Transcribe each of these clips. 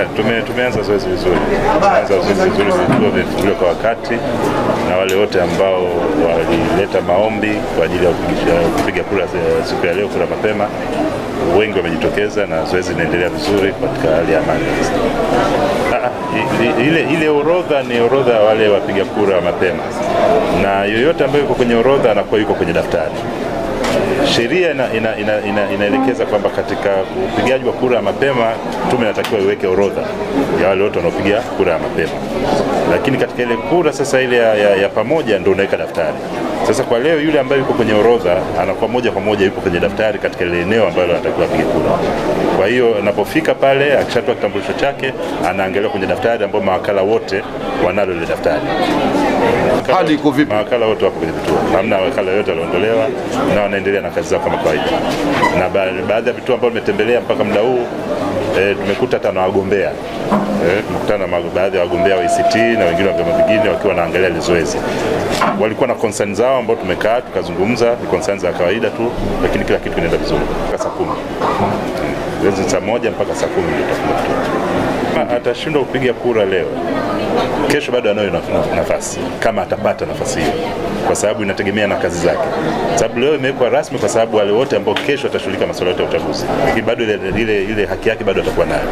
yeah, tume, tumeanza zoezi vizuri, tumeanza zoezi vizuri, vituo vimefunguliwa kwa wakati na wale wote ambao walileta maombi kwa ajili ya kupiga kura siku ya leo, kura mapema, wengi wamejitokeza na zoezi linaendelea vizuri katika hali ya amani. Ah, ah, ile, ile orodha ni orodha ya wale wapiga kura mapema, na yoyote ambaye yuko kwenye orodha anakuwa yuko kwenye daftari sheria inaelekeza ina, ina, ina kwamba katika upigaji wa kura ya mapema tume inatakiwa iweke orodha ya wale wote wanaopiga kura ya mapema, lakini katika ile kura sasa ile ya, ya, ya pamoja ndio unaweka daftari. Sasa kwa leo yule ambaye yuko kwenye orodha anakuwa moja kwa moja yuko kwenye daftari katika ile eneo ambalo anatakiwa apige kura. Kwa hiyo anapofika pale, akishatoa kitambulisho chake, anaangaliwa kwenye daftari ambayo mawakala wote wanalo ile daftari hali iko vipi? Mawakala wote wapo kwenye vituo, hamna wakala yote aliondolewa na wanaendelea na kazi zao kama kawaida, na baadhi ya vituo ambavyo nimetembelea mpaka muda huu e, tumekuta hata na wagombea e, tumekutana na baadhi ya wagombea wa ACT na wengine wa vyama vingine wakiwa wanaangalia ile walikuwa na concern zao ambao tumekaa tukazungumza, ni concern za kawaida tu, lakini kila kitu kinaenda vizuri mpaka saa kumi zoezi saa moja mpaka saa kumi ndio Atashindwa kupiga kura leo kesho bado anayo nafasi kama atapata nafasi hiyo, kwa sababu inategemea na kazi zake. Sababu leo imewekwa rasmi kwa sababu wale wote ambao kesho atashughulika masuala yote ya uchaguzi, lakini bado ile, ile, ile haki yake bado atakuwa nayo,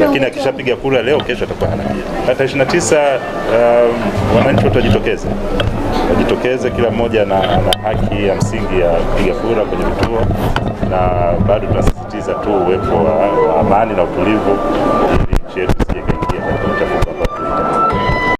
lakini akishapiga kura leo, kesho atakuwa hana. Hata 29 um, wananchi wote wajitokeze wajitokeze kila mmoja na na haki ya msingi ya kupiga kura kwenye vituo, na bado tunasisitiza tu uwepo wa amani na utulivu ili nchi yetu isije kaingia katika